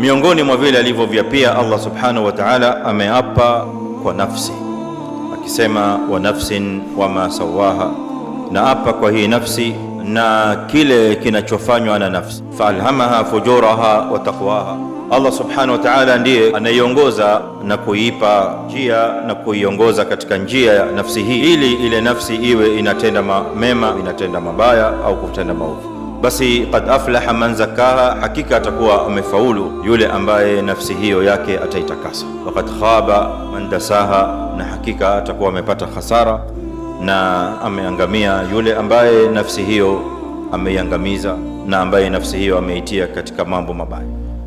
Miongoni mwa vile alivyovyapia Allah subhanahu wa ta'ala, ameapa kwa nafsi akisema, wa nafsin wama sawaha, na apa kwa hii nafsi na kile kinachofanywa na nafsi. Faalhamaha fujuraha wa taqwaha, Allah subhanahu wa ta'ala ndiye anaiongoza na kuipa njia na kuiongoza katika njia ya nafsi hii, ili ile nafsi iwe inatenda mema, inatenda mabaya au kutenda maovu basi kad aflaha man zakaha, hakika atakuwa amefaulu yule ambaye nafsi hiyo yake ataitakasa. Wakad khaba man dasaha, na hakika atakuwa amepata khasara na ameangamia yule ambaye nafsi hiyo ameiangamiza na ambaye nafsi hiyo ameitia katika mambo mabaya.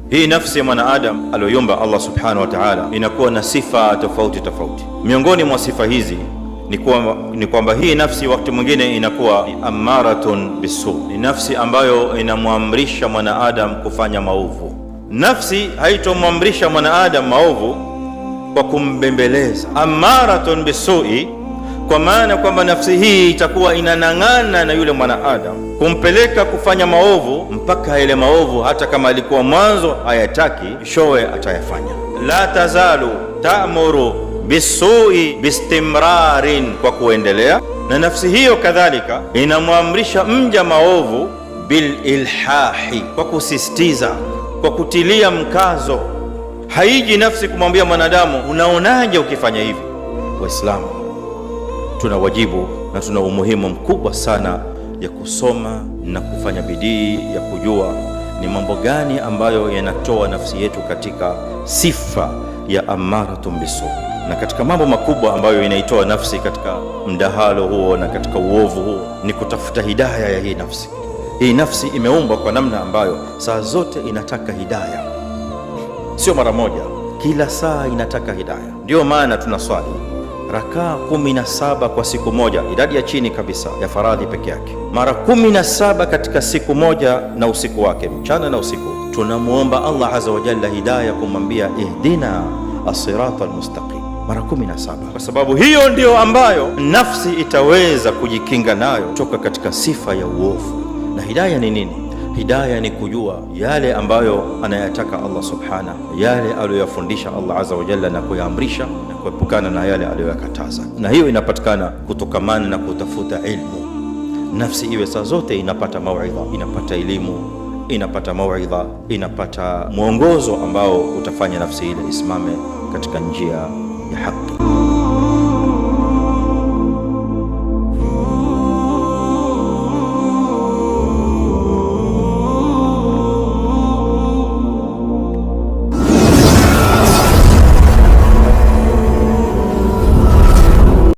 Hii nafsi ya mwanaadamu aliyoyumba Allah subhanahu wa ta'ala inakuwa na sifa tofauti tofauti. Miongoni mwa sifa hizi ni kwamba hii nafsi wakati mwingine inakuwa amaratun bisu, ni nafsi ambayo inamwamrisha mwanaadam kufanya maovu. Nafsi haitomwamrisha mwanaadam maovu kwa kumbembeleza. Amaratun bisui, kwa maana kwamba nafsi hii itakuwa inanang'ana na yule mwanaadam kumpeleka kufanya maovu, mpaka yale maovu hata kama alikuwa mwanzo hayataki, showe atayafanya. La tazalu tamuru bisui bistimrarin, kwa kuendelea. Na nafsi hiyo kadhalika inamwamrisha mja maovu bililhahi, kwa kusisitiza, kwa kutilia mkazo. Haiji nafsi kumwambia mwanadamu unaonaje ukifanya hivi. Waislamu tuna wajibu na tuna umuhimu mkubwa sana ya kusoma na kufanya bidii ya kujua ni mambo gani ambayo yanatoa nafsi yetu katika sifa ya amaratun bisu, na katika mambo makubwa ambayo inaitoa nafsi katika mdahalo huo na katika uovu huo ni kutafuta hidaya ya hii nafsi. Hii nafsi imeumbwa kwa namna ambayo saa zote inataka hidaya, sio mara moja, kila saa inataka hidaya. Ndiyo maana tuna swali rakaa kumi na saba kwa siku moja, idadi ya chini kabisa ya faradhi peke yake, mara kumi na saba katika siku moja na usiku wake, mchana na usiku tunamwomba Allah azza wa jalla hidaya kumwambia ihdina asirata almustaqim mara 17 kwa sababu hiyo ndiyo ambayo nafsi itaweza kujikinga nayo kutoka katika sifa ya uovu. Na hidaya ni nini? Hidaya ni kujua yale ambayo anayataka Allah subhana, yale aliyoyafundisha Allah azza wa jalla na kuyaamrisha, na kuepukana na yale aliyoyakataza. Na hiyo inapatikana kutokamana na kutafuta ilmu. Nafsi iwe saa zote inapata mauidha, inapata elimu inapata mawaidha, inapata mwongozo ambao utafanya nafsi ile isimame katika njia ya haki.